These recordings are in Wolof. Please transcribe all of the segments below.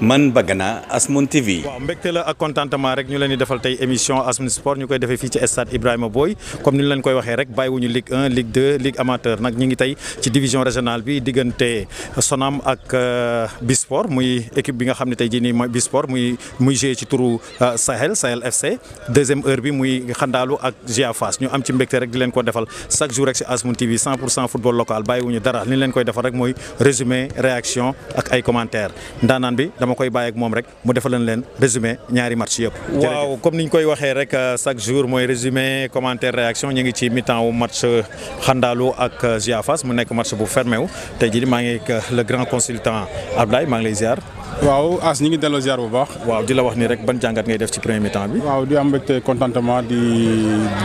man Bagana Asmon TV. wa mbégte la ak contentement rek ñu leen di defal tay émission Asmon Sport ñukoy koy fi ci stade Ibrahima Boy. comme ni ñu leen koy waxé rek bayiwuñu Ligue 1 Ligue 2 Ligue amateur nak ñi ngi tay ci division régionale bi diggante euh, Sonam ak euh, Bisport muy équipe bi nga xamni tay Bisport muy muy jé ci euh, Sahel Sahel FC deuxième heure bi muy xandalu ak jiafas. ñu am ci mbégte rek di leen ko defal chaque jour rek TV 100 football local bayiwuñu dara li ñu leen koy defal rek moy résumé réaction ak ay commentaires ndaanaan bi dama koy bàyyi ak mom rek mu defalan len résumé ñaari match yëpp. waaw comme niñ koy waxee rek euh, chaque jour moy résumé commentaire réaction ñi ngi ci mi-temps wu match euh, Xandaalu ak Ziafas euh, mu nek match bu fermé wu tay ji ma ngi le grand consultant Abdoulaye ma ngi lay ziar waaw As ñu ngi delloo ziar bu baax. waaw di la wax ni rek ban jàngat ngay def ci premier mi-temps bi. waaw di am mbégte contentement di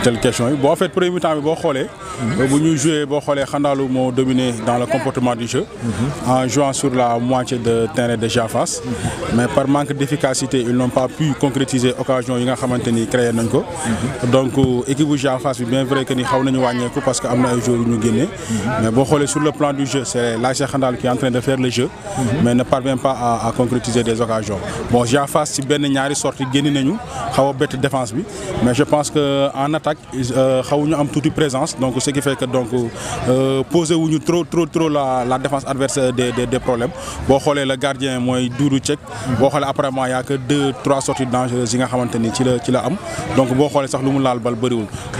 jël question yi bon en fait premier mi-temps bi boo xoolee. Mhm. bu ñu joué boo xoolee Xandaalu moo dominé dans le comportement du jeu. Mhm. en jouant sur la moitié de terrain déjà face. Mhm. mais par manque d'efficacité ils n'ont pas pu concrétiser occasion yi nga xamante ni créé ko. donc euh, équipe bu face bien vrai que ni xaw nañu wàññeeku parce que am na ay joueurs yu ñu génne. mais boo xoolee sur le plan du jeu c'est l'ASC Xandalu qui est en train de faire le jeu. mais ne parvient pas à concrétiser des occasions bon Jafas ci Ben ñaari sortie génn il a défense mais je pense que en attaque ont euh, am toute présence donc ce qui fait que donc euh, poser trop trop trop la défense adverse des problèmes Bon, le gardien mooy Doudou il après moi, apparemment y a que deux trois sorties dangereuses yi donc bon, xoolee sax lu mu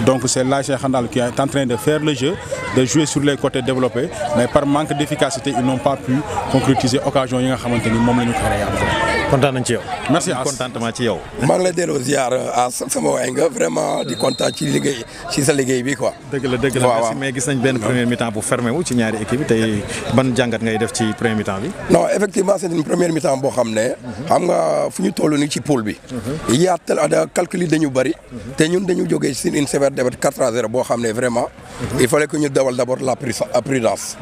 donc c'est Laïché Khandal qui est en train de faire le jeu de jouer sur les côtés développés mais par manque d'efficacité ils n'ont pas pu concrétiser l'occasion yi nga kontaan nañ ci yow. merci As contentement ci yow. maa ngi lay delloo ziar à sama way nga vraiment di kontaan ci liggéey ci sa liggéey bi quoi. dëgg la dëgg la merci mais gis nañ ben première mi-temps bu fermé wu ci ñaari équipe tay ban jangat ngay def ci première mi-temps bi. non effectivement c'est une première mi-temps bo xamné mhm. xam nga fu ñu toll nii ci pool bi. yaatal mhm. da calcul yi dañu bari mhm. té ñun dañu joggé ci une sévère défaite 4 0 bo xamné vraiment. il fallait que ñu dawal d'abord la prudence.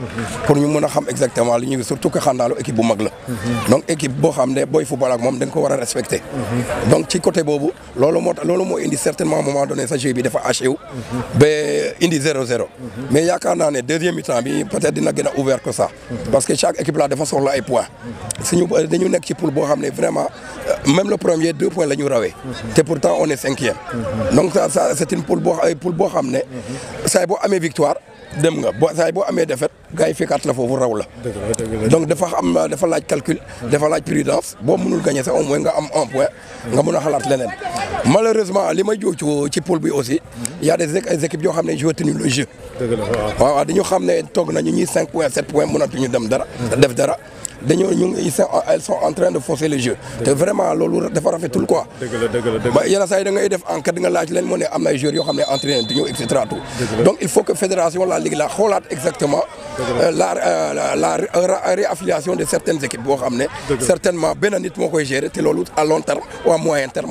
pour ñu mëna xam exactement li ñu surtout que xandalu équipe bu mag la. donc équipe bo xamné boy football ak mom dañ ko war respecté. donc ci côté Bobo, l'Olo moo tax loolu certainement indi certainement moment donné ça jeu bi dafa haché mais il dit 0-0. mais il y a quand même deuxième mi-temps peut-être qu'il n'a ouvert que ça. parce que chaque équipe là défenseur, là, ay Si Si dañu nekk ci pour le bon vraiment euh, même le premier deux points là, nous rawee. Et pourtant on est cinquième. donc ça c'est une poule le bon ramener. Ça, ne. saa victoire. dem nga boo saay boo amee defet gars yi fekkaat la foofu raw la donc dafa am dafa laaj calcul dafa laaj prudence boo mënul gagné sax au moins nga am un point nga mën a xalaat leneen malheureusement li may joocu ci pôle bi aussi y a des équipes yoo xam ne joué tenu le a waaw waaw xam ne toog nañu ñuy cinq points sept points mënatuñu dem dara def dara elles sont en train de forcer le jeu. C'est vraiment lourd. dafa faire quoi. le quoi. Il y da ngay def qui nga laaj leen moo am ay joueurs ont entrer. ne tout. donc il faut que la fédération la ligue la relate exactement. la euh, euh, euh, réaffiliation de certaines équipes Certainement, il certainement benn nit moo gérer te à long terme ou à moyen terme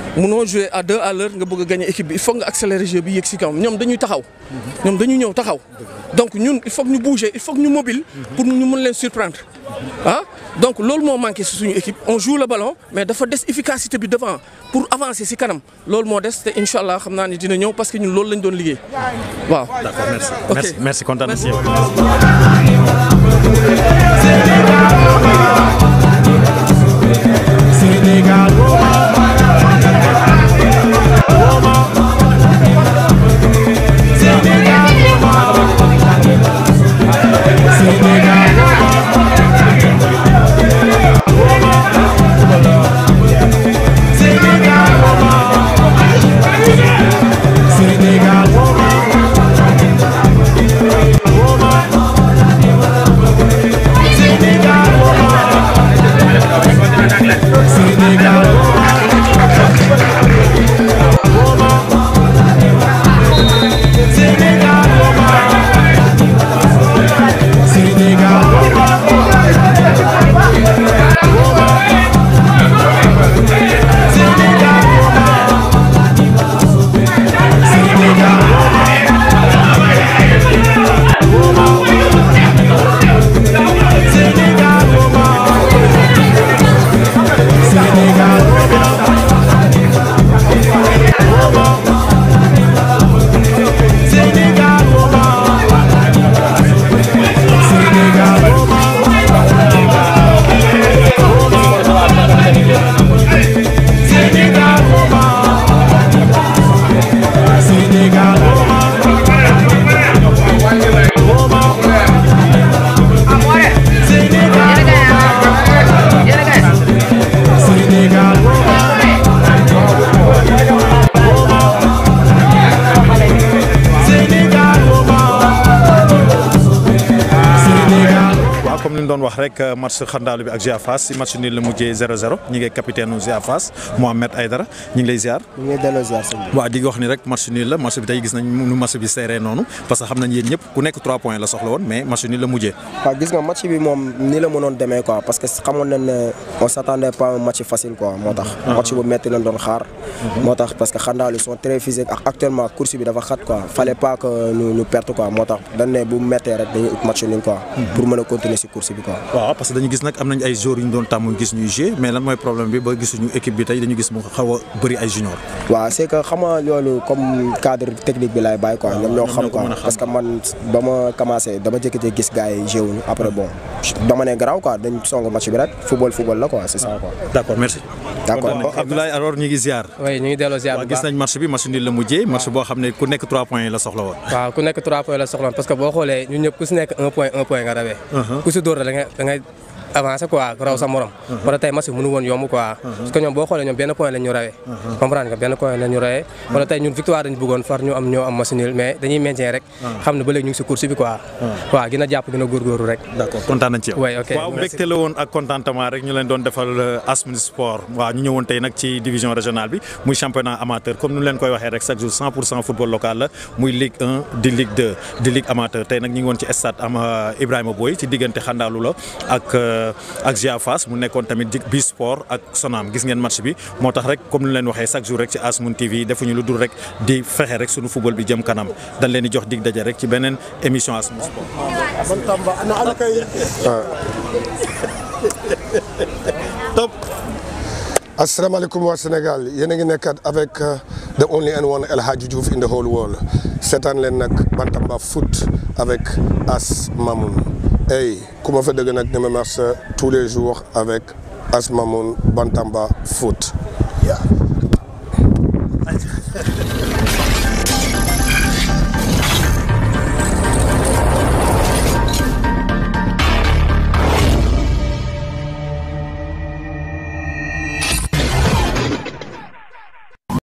munoo jouer à deux à l'heure nga bëgg a gagner équipe bi il faut nga accélérer jeu bi yëg si kawam ñoom dañuy taxaw. ñoom dañuy ñëw taxaw. donc ñun il faut que ñu bouger il faut que ñu mobile. pour ñu mën leen surprendre. ah donc loolu moo manqué si suñu équipe on joue le ballon mais dafa des efficacité bi devant pour avancer si kanam loolu moo des te incha allah xam naa dina ñëw parce que ñun loolu lañ doon liggéey waaw. d'accord merci. merci merci kontaan na si yow rek euh, match xandaalu bi ak GA si match nii la mujjee 0-0 ñi ngay capitaine GA Fass Mohamed Aydara ñu ñu ngi lay delloo ziar sëñ di nga wax ni rek match nii la mujjee. waaw gis nga match bi moom nii la mënoon demee quoi parce que xamoon nañ ne on s'attendait pas match facile quoi moo tax. Ah. match bu métti lañ doon xaar. Mhm. moo tax parce que xandaalu sont très ak actuellement course bi dafa xat quoi fallait pas que ñu perte quoi moo tax dañ ne bu méttee waaw parce que dañu gis nag am nañ ay joueurs yu ñu doon tàmm gis ñuy jouer mais lan mooy problème bi ba gisuñu équipe bi tey dañu gis mu xaw a ay junior waaw c'est que xam loolu comme cadre technique bi laay bàyyi quoi ñoom ñoo xam quoi man ba ma ne garaaw quoi dañ song match bi rek football football la quoi c'est ça quoi d'accord merci d'accord Abdoulaye alors ñu ngi gis nañ match bi match nul la mujjee match boo xam ne ku nekk 3 points la soxla woon waaw 點解？avance quoi raw sa morom wala mhm. tey match bi mënu woon yomb quoi mhm. parce que ñoom boo xoolee ñoom benn point lañ ñu rawee mhm. comprendre nga benn point lañ rawee wala tey ñu am ñoo am match nul mais dañuy maintien rek xam ne ba léegi ñu ngi si course bi quoi waaw a a góorgóorlu rek d'accord kontaan nañ woon euh, ci division régionale bi muy euh, ci diggante xandaalu la ak euh, Euh, ak Gia Fass mu nekkoon tamit bi sport ak Sonam gis ngeen match bi moo tax rek comme ni leen waxee chaque jour rek ci Asmoon TV defuñu lu dul rek di fexe rek sunu football bi jëm kanam dañ leen di jox dig daje rek ci beneen émission Asmoon Sport. top. asalaamaaleykum waa Sénégal yéen a ngi nekkaat avec euh, the only and one El Hadji Diouf in the leen nag Bantamba foot avec Hey, comment fait de Guenac tous les jours avec Asmamoun Bantamba Foot.